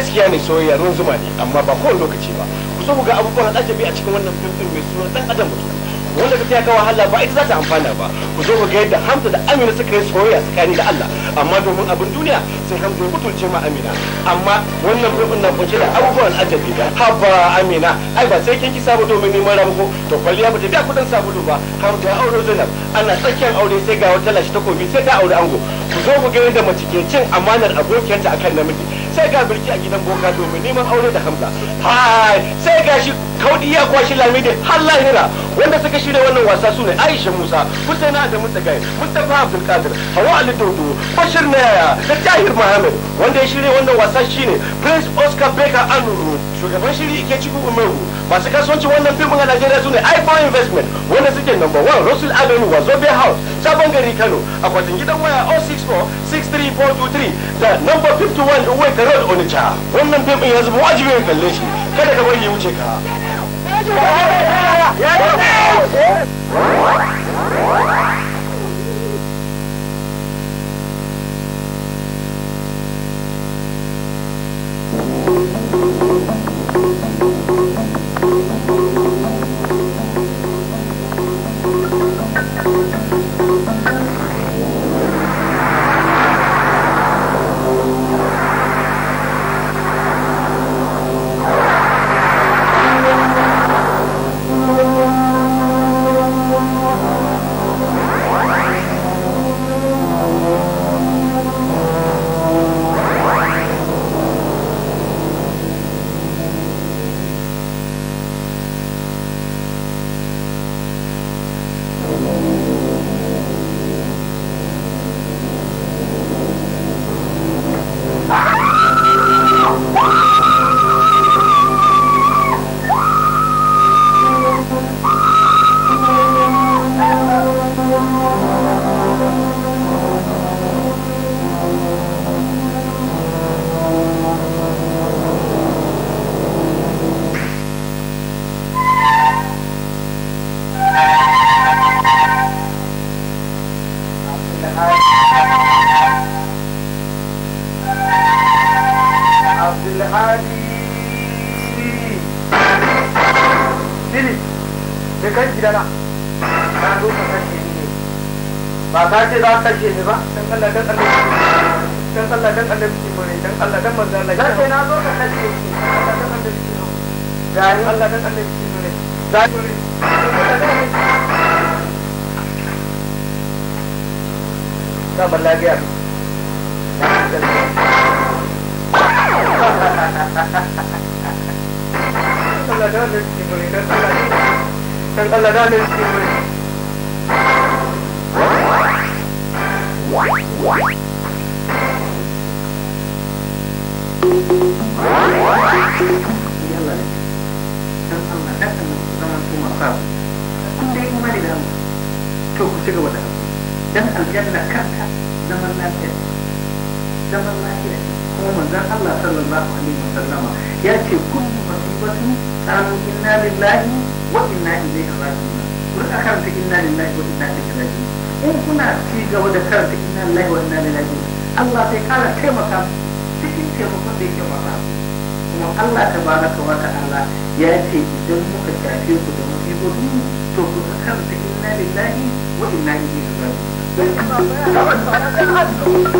gaskiya ne soyayya ruwan zuma ne amma ba kowane lokaci ba ku so ku ga abubuwan da ake bi a cikin wannan fim mai suna dan adam mutum wanda ka ta wahala ba ita za ta amfana ba ku zo ku ga yadda hamza da amina suka yi soyayya tsakani da allah amma domin abin duniya sai hamza ya mutunce ma amina amma wannan fim na kunshe da abubuwan ajabi da haba amina ai ba sai kin ki sabu domin neman ramako to kwalliya ba ta biya kudin sabulu ba hamza ya aure zainab ana tsakiyar aure sai ga wata lashe takobi sai ta aure ango ku zo ku ga yadda mace ke cin amanar abokiyarta akan namiji sai ga birki a gidan boka domin neman aure da hamza hai sai ga shi kaudi ya kwashi lamidin har lahira wanda suka shirya wannan wasa su ne aisha musa hussein adamu tsagai mustapha abdul qadir hawa ali dodo bashir na yaya da tahir muhammad wanda ya shirya wannan wasa shine prince oscar baker anuru shugaban shiri ike cikin umaru masu kasuwanci wannan fim a najeriya su ne ipo investment wanda suke number one russell avenue wazobe house sabon gari kano akwatin gidan waya 064 63423 da number 51 uwe da road wannan fim ya zama wajibi ka kalle shi kada ka bari ya wuce ka ya sai kan gidana zo ka kashe ni ba ka ce za ka kashe ni ba dan Allah dan Allah dan Allah dan Allah mure dan Allah dan manzo Allah na zo ka kashe ni Allah dan Allah mure ga ni Allah dan Allah mure ga ni balla ga Allah dan Allah mure dan Allah dan Allah na nan suke dan aljanna kanta zaman lafiya zaman lafiya kuma manzon Allah sallallahu alaihi wasallama ya ce kullu musibatin qalu inna lillahi wa inna ilaihi raji'un kun karanta inna lillahi wa inna ilaihi raji'un in kuna ci gaba da karanta inna lillahi wa inna ilaihi raji'un Allah sai kara taimaka cikin taimakon da yake maka kuma Allah tabaraka wa ta'ala ya ce idan muka shafe ku da musibobi to ku karanta inna lillahi wa inna ilaihi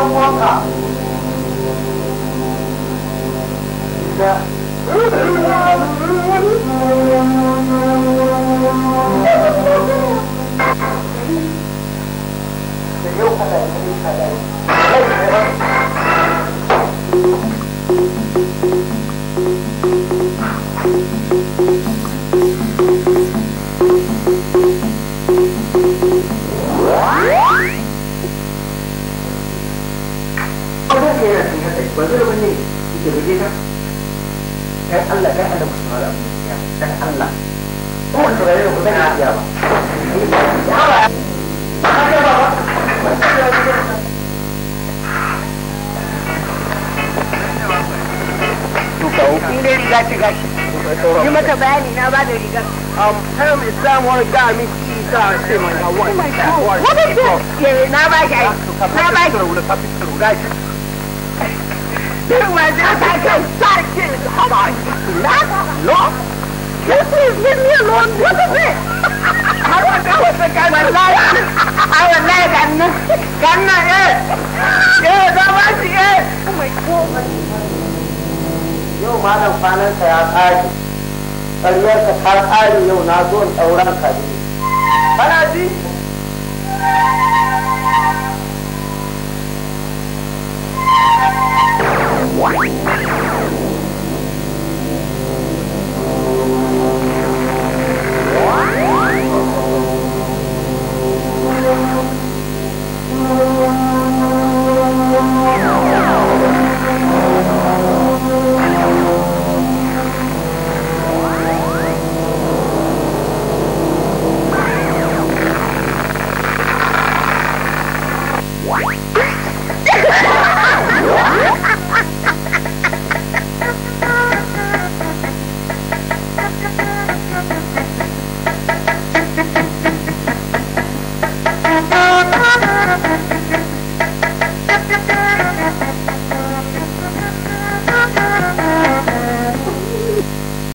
dan uwanka Yeah. turare da kusan ya ba. In dai riga ce gashi. Yi mata bayani na ba da rigar. Term Islam wani ga min isa ce mai hawan. What is this? Na ba shi aiki. Na ba shi. Duk wanda ta kai sarkin hawa. Na? No? Can please leave me alone? What is it? I want that was the guy. Wallahi, I wallahi ganna, ganna eh, eh, da ba shi eh. Oh my God. Yau malam ya tsari, ƙaryarsa ta tsari yau na zo tsauran ka ne. Kana ji?